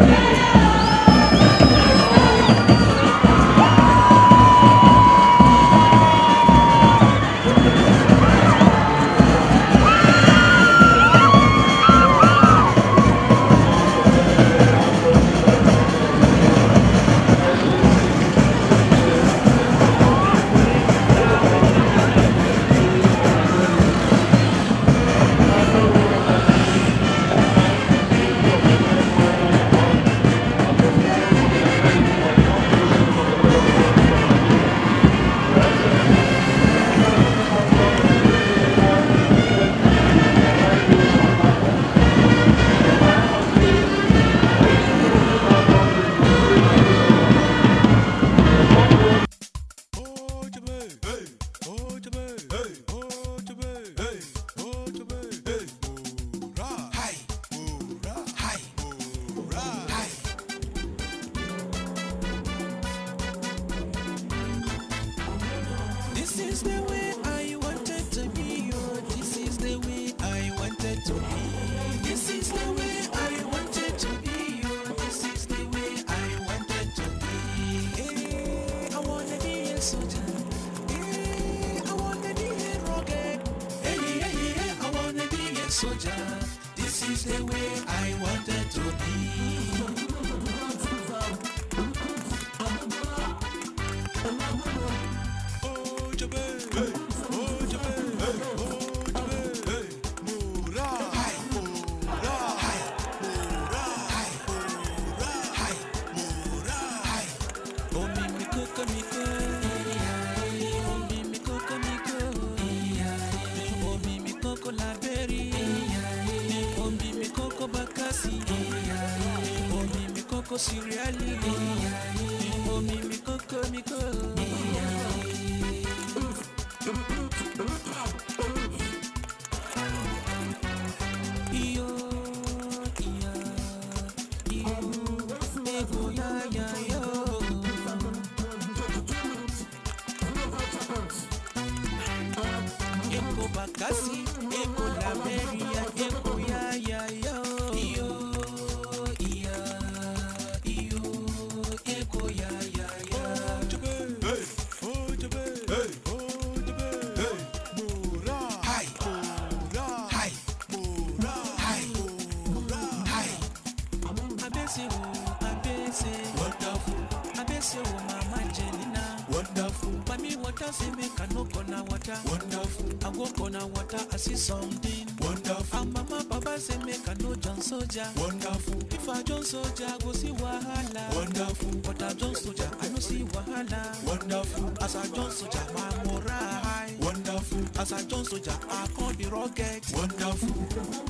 Thank you. is the way I wanted to be. Oh, this is the way I wanted to be. This is the way I wanted to be. Oh, this is the way I wanted to be. Hey, eh, I wanna be a soldier. Hey, eh, I wanna be a rocket. Hey, hey, hey, I wanna be a soldier. This is the way I wanted to be. sí. Omi mi kókó sí rí ẹ́ lé. Omi mi kókó mi kó. water, see me can no go na water. Wonderful. I walk on a water, I see something. Wonderful. And mama, papa say me can no jump soldier. Wonderful. If I jump soldier, I go see wahala. Wonderful. But I jump soldier, I no see wahala. Wonderful. As I jump soldier, my morale high. Wonderful. As I jump soldier, I call the rocket. Wonderful.